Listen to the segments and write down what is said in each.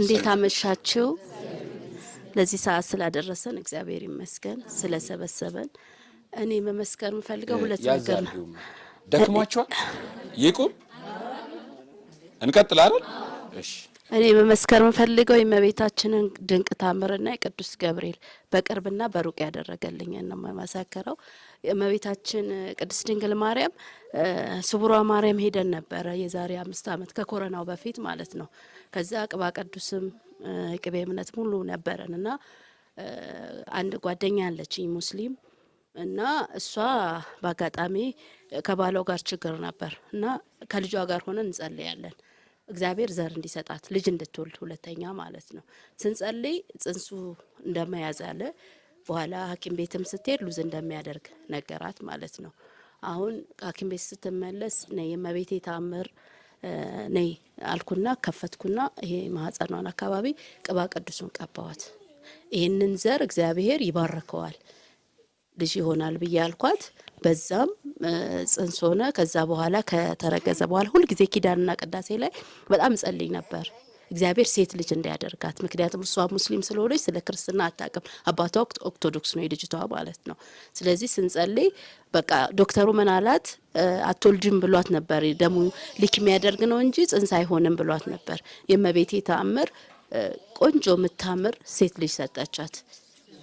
እንዴት አመሻችሁ? ለዚህ ሰዓት ስላደረሰን እግዚአብሔር ይመስገን፣ ስለሰበሰበን። እኔ መመስከር የምፈልገው ሁለት ነገር ነው። ደክሟቸዋል። ይቁም፣ እንቀጥል አይደል? እሺ እኔ መመስከር የምፈልገው የእመቤታችንን ድንቅ ታምርና የቅዱስ ገብርኤል በቅርብና በሩቅ ያደረገልኝ ነው መመሰክረው። የእመቤታችን ቅድስት ድንግል ማርያም ስቡሯ ማርያም ሄደን ነበረ የዛሬ አምስት ዓመት ከኮረናው በፊት ማለት ነው። ከዚያ ቅባ ቅዱስም ቅቤ እምነት ሙሉ ነበረን እና አንድ ጓደኛ ያለችኝ ሙስሊም እና እሷ በአጋጣሚ ከባሏ ጋር ችግር ነበር እና ከልጇ ጋር ሆነን እንጸልያለን እግዚአብሔር ዘር እንዲሰጣት ልጅ እንድትወልድ ሁለተኛ ማለት ነው። ስንጸልይ ጽንሱ እንደመያዝ አለ። በኋላ ሐኪም ቤትም ስትሄድ ሉዝ እንደሚያደርግ ነገራት ማለት ነው። አሁን ሐኪም ቤት ስትመለስ ነይ የመቤቴ ታምር ነይ አልኩና ከፈትኩና ይሄ ማህፀኗን አካባቢ ቅባ ቅዱሱን ቀባዋት። ይህንን ዘር እግዚአብሔር ይባርከዋል። ልጅ ይሆናል ብዬ አልኳት። በዛም ጽንስ ሆነ። ከዛ በኋላ ከተረገዘ በኋላ ሁልጊዜ ኪዳንና ቅዳሴ ላይ በጣም እጸልይ ነበር እግዚአብሔር ሴት ልጅ እንዳያደርጋት ምክንያቱም እሷ ሙስሊም ስለሆነች ስለ ክርስትና አታውቅም። አባቷ ኦርቶዶክስ ነው የልጅቷ ማለት ነው። ስለዚህ ስንጸልይ በቃ ዶክተሩ ምን አላት? ብሏት ነበር። ደሙ ልክ የሚያደርግ ነው እንጂ ጽንስ አይሆንም ብሏት ነበር። የእመቤቴ ተአምር ቆንጆ የምታምር ሴት ልጅ ሰጠቻት።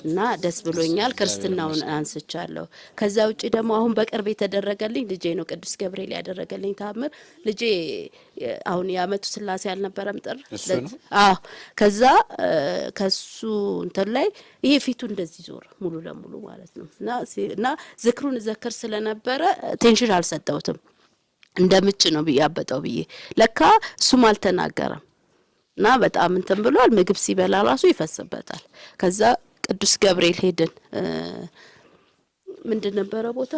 እና ደስ ብሎኛል። ክርስትናውን አንስቻለሁ። ከዛ ውጭ ደግሞ አሁን በቅርብ የተደረገልኝ ልጄ ነው። ቅዱስ ገብርኤል ያደረገልኝ ታምር ልጄ አሁን የአመቱ ስላሴ አልነበረም ጥር አዎ። ከዛ ከሱ እንትን ላይ ይሄ ፊቱ እንደዚህ ዞር ሙሉ ለሙሉ ማለት ነው እና ዝክሩን ዘክር ስለነበረ ቴንሽን አልሰጠውትም። እንደ ምች ነው ብዬ አበጠው ብዬ ለካ እሱም አልተናገረም እና በጣም እንትን ብሏል። ምግብ ሲበላ ራሱ ይፈስበታል ከዛ ቅዱስ ገብርኤል ሄድን። ምንድን ነበረ ቦታ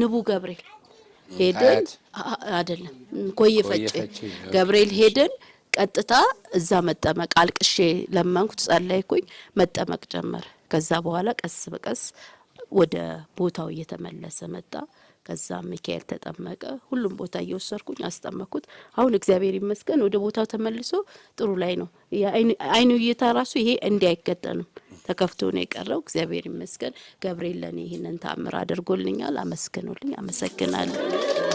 ንቡ ገብርኤል ሄድን አይደለም፣ ኮዬ ፈጬ ገብርኤል ሄድን። ቀጥታ እዛ መጠመቅ አልቅሼ ለመንኩ፣ ጸለይኩኝ፣ መጠመቅ ጀመር። ከዛ በኋላ ቀስ በቀስ ወደ ቦታው እየተመለሰ መጣ። ከዛ ሚካኤል ተጠመቀ። ሁሉም ቦታ እየወሰድኩኝ አስጠመኩት። አሁን እግዚአብሔር ይመስገን ወደ ቦታው ተመልሶ ጥሩ ላይ ነው። አይኑ እይታ ራሱ ይሄ እንዲህ አይገጠንም። ተከፍቶ ነው የቀረው። እግዚአብሔር ይመስገን። ገብርኤል ለእኔ ይህንን ታምር አድርጎልኛል። አመስግኖልኝ አመሰግናለሁ።